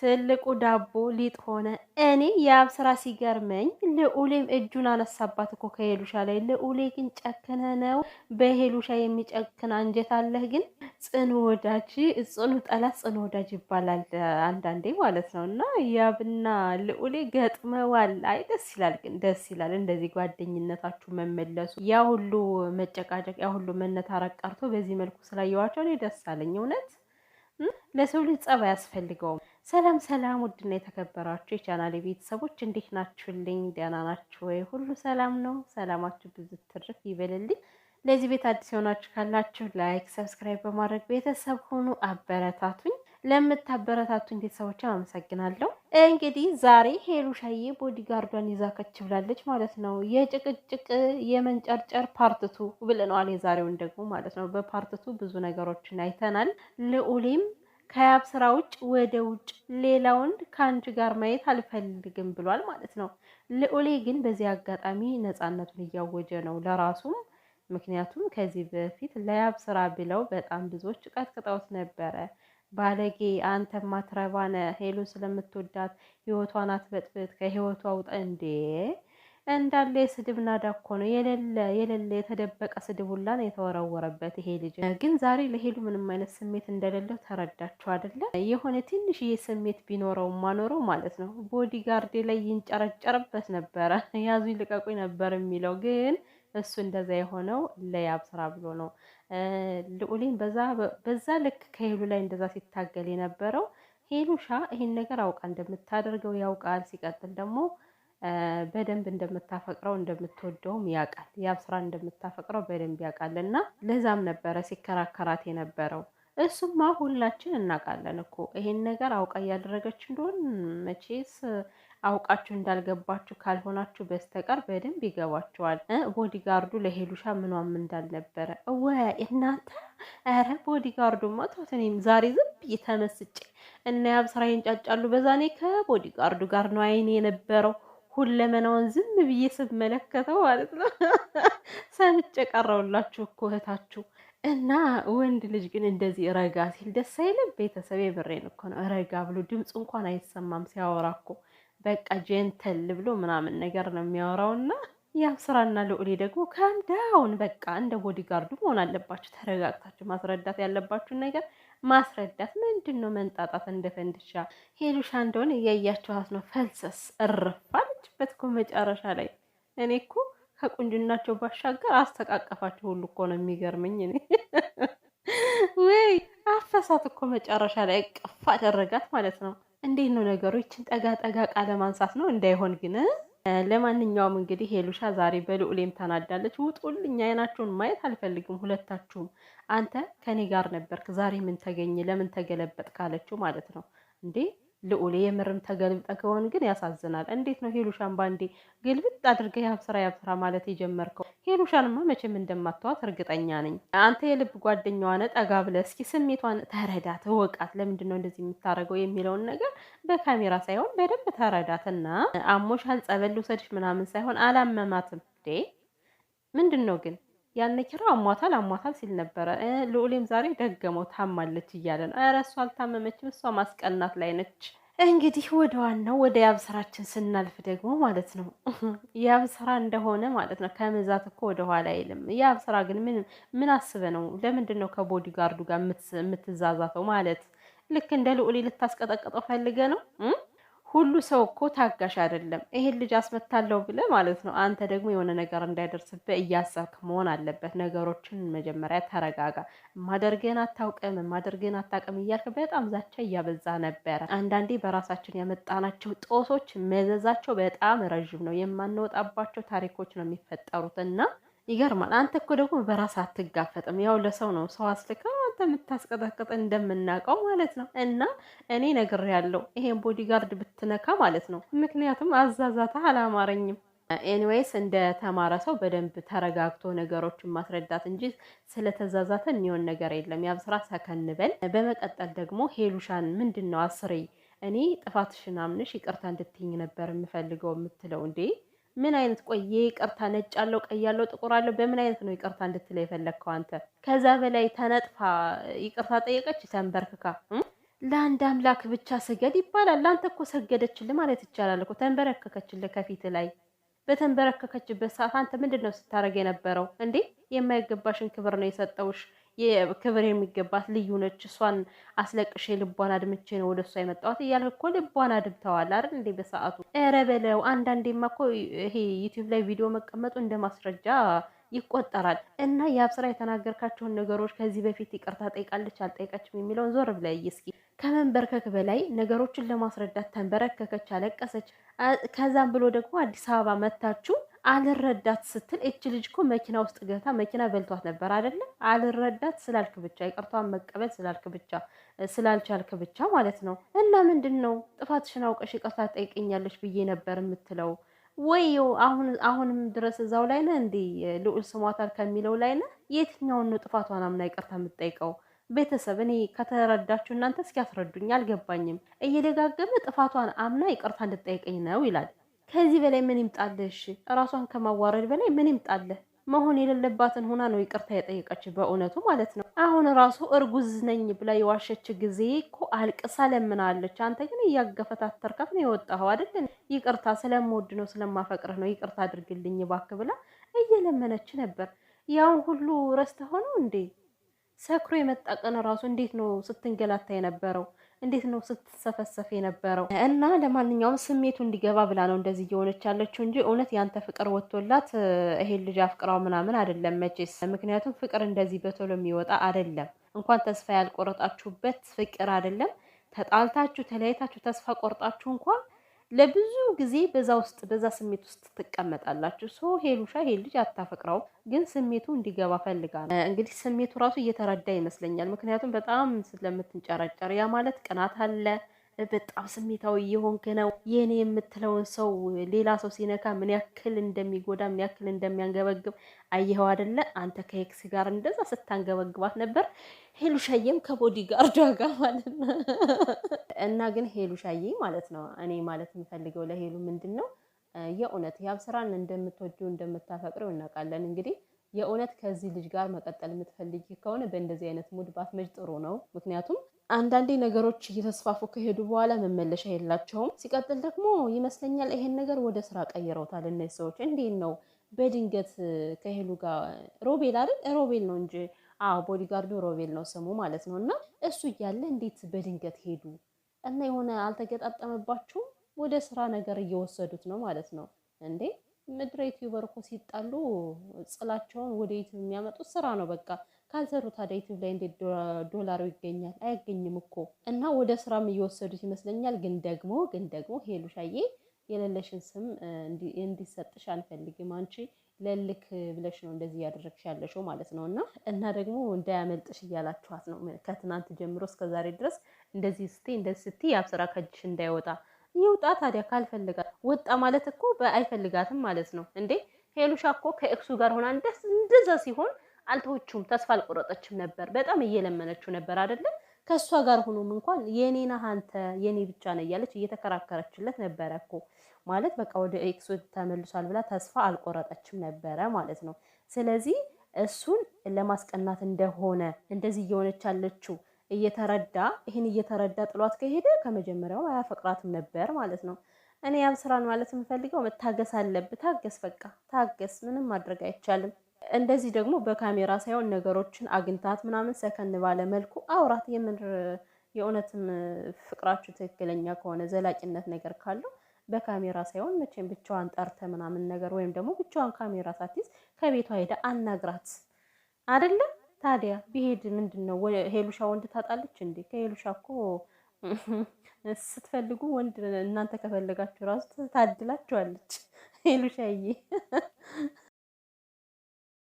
ትልቁ ዳቦ ሊጥ ሆነ። እኔ የአብ ስራ ሲገርመኝ ልዑሌም እጁን አነሳባት እኮ ከሄሉሻ ላይ። ልዑሌ ግን ጨክነ ነው በሄሉሻ የሚጨክን አንጀት አለህ። ግን ጽኑ ወዳጅ፣ ጽኑ ጠላት፣ ጽኑ ወዳጅ ይባላል አንዳንዴ ማለት ነው። እና ያብና ልዑሌ ገጥመዋል። አይ ደስ ይላል፣ ግን ደስ ይላል እንደዚህ ጓደኝነታችሁ መመለሱ። ያ ሁሉ መጨቃጨቅ፣ ያ ሁሉ መነታረቅ ቀርቶ በዚህ መልኩ ስላየዋቸው እኔ ደስ አለኝ። እውነት ለሰው ልጅ ጸባይ አያስፈልገውም። ሰላም ሰላም፣ ውድና የተከበራችሁ የቻናሌ ቤተሰቦች እንዴት ናችሁልኝ? ደህና ናችሁ ወይ? ሁሉ ሰላም ነው? ሰላማችሁ ብዙ ትርፍ ይበልልኝ። ለዚህ ቤት አዲስ የሆናችሁ ካላችሁ ላይክ፣ ሰብስክራይብ በማድረግ ቤተሰብ ሁኑ። አበረታቱኝ። ለምታበረታቱኝ ቤተሰቦች አመሰግናለሁ። እንግዲህ ዛሬ ሄሉሻዬ ቦዲጋርዷን ይዛ ከች ብላለች ማለት ነው። የጭቅጭቅ የመንጨርጨር ፓርትቱ ብለነዋል። የዛሬውን ደግሞ ማለት ነው በፓርትቱ ብዙ ነገሮችን አይተናል። ልዑሌም ከያብ ስራ ውጭ ወደ ውጭ ሌላ ወንድ ከአንቺ ጋር ማየት አልፈልግም ብሏል ማለት ነው። ልዑሌ ግን በዚህ አጋጣሚ ነፃነቱን እያወጀ ነው ለራሱም። ምክንያቱም ከዚህ በፊት ለያብ ስራ ብለው በጣም ብዙዎች ቀጥቅጠውት ነበረ። ባለጌ አንተ ማትረባነ ሄሎ ስለምትወዳት ህይወቷን አትበጥበት ከህይወቷ ውጣ እንዴ እንዳለ የስድብ ናዳ እኮ ነው የሌለ የሌለ የተደበቀ ስድብ ሁላ ነው የተወረወረበት ይሄ ልጅ። ግን ዛሬ ለሄሉ ምንም አይነት ስሜት እንደሌለው ተረዳችሁ አይደለ? የሆነ ትንሽዬ ስሜት ቢኖረው ማኖረው ማለት ነው ቦዲጋርዴ ላይ ይንጨረጨርበት ነበረ፣ ያዙኝ ልቀቁኝ ነበር የሚለው ግን እሱ እንደዛ የሆነው ለያብ ስራ ብሎ ነው። ልዑሌን በዛ ልክ ከሄሉ ላይ እንደዛ ሲታገል የነበረው ሄሉሻ ይህን ነገር አውቃ እንደምታደርገው ያውቃል። ሲቀጥል ደግሞ በደንብ እንደምታፈቅረው እንደምትወደውም ያውቃል። ያብ ስራ እንደምታፈቅረው በደንብ ያውቃል። እና ለዛም ነበረ ሲከራከራት የነበረው። እሱማ ሁላችን እናውቃለን እኮ ይሄን ነገር አውቃ እያደረገች እንደሆን መቼስ አውቃችሁ እንዳልገባችሁ ካልሆናችሁ በስተቀር በደንብ ይገባችኋል። ቦዲጋርዱ ለሄሉሻ ምኗም እንዳልነበረ ወ እናንተ። ኧረ ቦዲጋርዱማ ተውት። እኔም ዛሬ ዝም ብዬ ተመስጬ እና ያብ ስራ ይንጫጫሉ። በዛኔ ከቦዲጋርዱ ጋር ነው አይኔ የነበረው ሁለመናውን ዝም ብዬ ስመለከተው ማለት ነው ሰምቼ ቀረውላችሁ እኮ እህታችሁ እና ወንድ ልጅ ግን እንደዚህ ረጋ ሲል ደስ አይልም። ቤተሰብ የብሬን እኮ ነው። ረጋ ብሎ ድምፁ እንኳን አይሰማም ሲያወራ እኮ በቃ ጀንተል ብሎ ምናምን ነገር ነው የሚያወራውና ያም ስራና ልዑሌ ደግሞ ከምዳውን በቃ እንደ ቦዲጋርዱ መሆን አለባችሁ። ተረጋግታችሁ ማስረዳት ያለባችሁን ነገር ማስረዳት ምንድን ነው መንጣጣት እንደ ፈንድሻ ሄሉሻ እንደሆነ እያያችኋት ነው ፈልሰስ እርፋለችበት እኮ መጨረሻ ላይ እኔ እኮ ከቁንጅናቸው ባሻገር አስተቃቀፋቸው ሁሉ እኮ ነው የሚገርመኝ እኔ ወይ አፈሳት እኮ መጨረሻ ላይ ቅፍ አደረጋት ማለት ነው እንዴት ነው ነገሩ ይችን ጠጋ ጠጋ ቃለ ማንሳት ነው እንዳይሆን ግን ለማንኛውም እንግዲህ ሄሉሻ ዛሬ በልዑሌም ተናዳለች። ውጡልኝ፣ አይናችሁን ማየት አልፈልግም ሁለታችሁም። አንተ ከኔ ጋር ነበርክ፣ ዛሬ ምን ተገኘ? ለምን ተገለበጥ ካለችው ማለት ነው እንዴ ልዑሌ የምርም ተገልብጠ ከሆን ግን ያሳዝናል። እንዴት ነው ሄሉሻን ባንዴ ግልብጥ አድርገህ ያብስራ ያብስራ ማለት የጀመርከው? ሄሉሻንማ መቼም እንደማታዋት እርግጠኛ ነኝ። አንተ የልብ ጓደኛዋ ነህ፣ ጠጋ ብለህ እስኪ ስሜቷን ተረዳት፣ እወቃት። ለምንድን ነው እንደዚህ የምታደርገው የሚለውን ነገር በካሜራ ሳይሆን በደንብ ተረዳትና አሞሻል፣ ጸበል ልውሰድሽ ምናምን ሳይሆን አላመማትም። ዴ ምንድን ነው ግን ያነ ኪራ አሟታል አሟታል ሲል ነበረ። ልዑሌም ዛሬ ደገመው ታማለች እያለ ነው። ኧረ እሷ አልታመመችም፣ እሷ ማስቀናት ላይ ነች። እንግዲህ ወደ ዋናው ወደ ያብ ስራችን ስናልፍ ደግሞ ማለት ነው ያብ ስራ እንደሆነ ማለት ነው ከመዛት እኮ ወደ ኋላ አይልም። ያብ ስራ ግን ምን ምን አስበ ነው? ለምንድን ነው ከቦዲ ጋርዱ ጋር የምትዛዛተው? ማለት ልክ እንደ ልዑሌ ልታስቀጠቅጠው ፈልገ ነው? ሁሉ ሰው እኮ ታጋሽ አይደለም። ይሄን ልጅ አስመታለሁ ብለህ ማለት ነው አንተ ደግሞ የሆነ ነገር እንዳይደርስብህ እያሰብክ መሆን አለበት። ነገሮችን መጀመሪያ ተረጋጋ። ማደርግህን አታውቅም፣ ማደርግህን አታውቅም እያልክ በጣም ዛቻ እያበዛ ነበረ። አንዳንዴ በራሳችን ያመጣናቸው ጦሶች መዘዛቸው በጣም ረዥም ነው። የማንወጣባቸው ታሪኮች ነው የሚፈጠሩት እና ይገርማል። አንተ እኮ ደግሞ በራስ አትጋፈጥም። ያው ለሰው ነው ሰው አስልከው እንደምታስቀጠቅጥ እንደምናውቀው ማለት ነው። እና እኔ ነገር ያለው ይሄን ቦዲጋርድ ብትነካ ማለት ነው። ምክንያቱም አዛዛታ አላማረኝም። ኤኒዌይስ እንደ ተማረ ሰው በደንብ ተረጋግቶ ነገሮችን ማስረዳት እንጂ ስለተዛዛተ የሚሆን ነገር የለም። ያብ ስራ ሰከን በመቀጠል ደግሞ ሄሉሻን ምንድን ነው አስሬ እኔ ጥፋትሽን አምንሽ ይቅርታ እንድትይኝ ነበር የምፈልገው የምትለው እንዴ ምን አይነት ቆየ ይቅርታ፣ ነጭ አለው፣ ቀይ አለው፣ ጥቁር አለው፣ በምን አይነት ነው ይቅርታ እንድትለው የፈለግከው አንተ? ከዛ በላይ ተነጥፋ ይቅርታ ጠየቀች ተንበርክካ። ለአንድ አምላክ ብቻ ስገድ ይባላል። ለአንተ እኮ ሰገደችል ማለት ይቻላል እኮ ተንበረከከችል ከፊት ላይ በተንበረከከችበት ሰዓት አንተ ምንድን ነው ስታደርግ የነበረው እንዴ? የማይገባሽን ክብር ነው የሰጠውሽ። ክብር የሚገባት ልዩ ነች። እሷን አስለቅሼ ልቧን አድምቼ ነው ወደ እሷ የመጣዋት እያልክ እኮ ልቧን አድምተዋል አይደል እንዴ? በሰዓቱ ኧረ በለው። አንዳንዴማ እኮ ይሄ ዩቲዩብ ላይ ቪዲዮ መቀመጡ እንደ ማስረጃ ይቆጠራል እና የአብስራ የተናገርካቸውን ነገሮች ከዚህ በፊት ይቅርታ ጠይቃለች አልጠይቀችም የሚለውን ዞር ብለይ እስኪ። ከመንበርከክ በላይ ነገሮችን ለማስረዳት ተንበረከከች፣ አለቀሰች። ከዛም ብሎ ደግሞ አዲስ አበባ መታችሁ አልረዳት ስትል እች ልጅ እኮ መኪና ውስጥ ገብታ መኪና በልቷት ነበር አይደለ? አልረዳት ስላልክ ብቻ ይቅርታዋን መቀበል ስላልክ ብቻ ስላልቻልክ ብቻ ማለት ነው። እና ምንድን ነው ጥፋትሽን አውቀሽ ይቅርታ ጠይቀኛለሽ ብዬ ነበር የምትለው ወይ? አሁን አሁንም ድረስ እዛው ላይ ነህ እንዴ? ልዑል ስሟታል ከሚለው ላይ ነህ? የትኛውን ነው ጥፋቷን አምና ይቅርታ የምትጠይቀው? ቤተሰብ እኔ ከተረዳችሁ እናንተ እስኪያስረዱኝ አልገባኝም። እየደጋገመ ጥፋቷን አምና ይቅርታ እንድጠይቀኝ ነው ይላል። ከዚህ በላይ ምን ይምጣልሽ? ራሷን ከማዋረድ በላይ ምን ይምጣልህ? መሆን የሌለባትን ሆና ነው ይቅርታ የጠየቀች በእውነቱ ማለት ነው። አሁን ራሱ እርጉዝ ነኝ ብላ የዋሸች ጊዜ እኮ አልቅሳ ለምናለች። አንተ ግን እያገፈታተርካት ነው የወጣኸው አይደል? ይቅርታ ስለምወድ ነው ስለማፈቅርህ ነው ይቅርታ አድርግልኝ እባክህ ብላ እየለመነች ነበር። ያውን ሁሉ ረስተህ ሆነው እንዴ? ሰክሮ የመጣ ቀን ራሱ እንዴት ነው ስትንገላታ የነበረው? እንዴት ነው ስትሰፈሰፍ የነበረው እና ለማንኛውም ስሜቱ እንዲገባ ብላ ነው እንደዚህ እየሆነች ያለችው እንጂ እውነት ያንተ ፍቅር ወቶላት ይሄን ልጅ አፍቅራው ምናምን አይደለም መቼስ። ምክንያቱም ፍቅር እንደዚህ በቶሎ የሚወጣ አይደለም። እንኳን ተስፋ ያልቆረጣችሁበት ፍቅር አይደለም ተጣልታችሁ ተለያይታችሁ ተስፋ ቆርጣችሁ እንኳን ለብዙ ጊዜ በዛ ውስጥ በዛ ስሜት ውስጥ ትቀመጣላችሁ። ሶ ሄሉሻ ይሄ ልጅ አታፈቅረው፣ ግን ስሜቱ እንዲገባ ፈልጋ ነው። እንግዲህ ስሜቱ ራሱ እየተረዳ ይመስለኛል፣ ምክንያቱም በጣም ስለምትንጨረጨር። ያ ማለት ቅናት አለ በጣም ስሜታዊ የሆን ነው። የኔ የምትለውን ሰው ሌላ ሰው ሲነካ ምን ያክል እንደሚጎዳ ምን ያክል እንደሚያንገበግብ አየኸው አይደለ? አንተ ከኤክስ ጋር እንደዛ ስታንገበግባት ነበር። ሄሉሻዬም ከቦዲ ጋር ዳጋ ማለት ነው። እና ግን ሄሉሻዬ ማለት ነው እኔ ማለት የምፈልገው ለሄሉ ምንድን ነው የእውነት ያብ ስራን እንደምትወጂው እንደምታፈቅረው እናውቃለን። እንግዲህ የእውነት ከዚህ ልጅ ጋር መቀጠል የምትፈልጊ ከሆነ በእንደዚህ አይነት ሙድ ባትመጭ ጥሩ ነው። ምክንያቱም አንዳንዴ ነገሮች እየተስፋፉ ከሄዱ በኋላ መመለሻ የላቸውም። ሲቀጥል ደግሞ ይመስለኛል ይሄን ነገር ወደ ስራ ቀይረውታል እነዚህ ሰዎች። እንዴት ነው በድንገት ከሄሉ ጋር ሮቤል አይደል? ሮቤል ነው እንጂ ቦዲጋርዱ ሮቤል ነው ስሙ ማለት ነው። እና እሱ እያለ እንዴት በድንገት ሄዱ እና የሆነ አልተገጣጠመባቸውም። ወደ ስራ ነገር እየወሰዱት ነው ማለት ነው እንዴ ምድረ ዩቲዩበር እኮ ሲጣሉ ጽላቸውን ወደ ዩቲዩብ የሚያመጡት ስራ ነው በቃ ካልሰሩ ታዲያ ዩቲዩብ ላይ እንዴት ዶላሩ ይገኛል? አያገኝም እኮ እና ወደ ስራም እየወሰዱት ይመስለኛል። ግን ደግሞ ግን ደግሞ ሄሉሻዬ የሌለሽን ስም እንዲሰጥሽ አልፈልግም። አንቺ ለልክ ብለሽ ነው እንደዚህ እያደረግሽ ያለሽው ማለት ነው። እና እና ደግሞ እንዳያመልጥሽ እያላችኋት ነው ከትናንት ጀምሮ እስከዛሬ ድረስ እንደዚህ ስቲ እንደዚህ ስቲ የአብስራ ከእጅሽ እንዳይወጣ ይውጣ። ታዲያ ካልፈልጋት ወጣ ማለት እኮ አይፈልጋትም ማለት ነው እንዴ ሄሉሻ እኮ ከእክሱ ጋር ሆና እንደዛ ሲሆን አልተወችም፣ ተስፋ አልቆረጠችም ነበር። በጣም እየለመነችው ነበር አይደለም። ከእሷ ጋር ሆኖም እንኳን የኔ ነህ አንተ የኔ ብቻ ነው እያለች እየተከራከረችለት ነበረ እኮ ማለት በቃ ወደ ኤክሶ ተመልሷል ብላ ተስፋ አልቆረጠችም ነበረ ማለት ነው። ስለዚህ እሱን ለማስቀናት እንደሆነ እንደዚህ እየሆነች ያለችው እየተረዳ ይህን እየተረዳ ጥሏት ከሄደ ከመጀመሪያውም አያፈቅራትም ነበር ማለት ነው። እኔ ያብስራን ማለት የምፈልገው መታገስ አለብህ። ታገስ፣ በቃ ታገስ። ምንም ማድረግ አይቻልም። እንደዚህ ደግሞ በካሜራ ሳይሆን ነገሮችን አግኝታት ምናምን ሰከን ባለ መልኩ አውራት። የምር የእውነትም ፍቅራችሁ ትክክለኛ ከሆነ ዘላቂነት ነገር ካለው በካሜራ ሳይሆን መቼም ብቻዋን ጠርተ ምናምን ነገር ወይም ደግሞ ብቻዋን ካሜራ ሳትይዝ ከቤቷ ሄዳ አናግራት አደለም? ታዲያ ቢሄድ ምንድን ነው ሄሉሻ ወንድ ታጣለች እንዴ? ከሄሉሻ እኮ ስትፈልጉ ወንድ እናንተ ከፈለጋችሁ ራሱ ታድላችኋለች ሄሉሻዬ።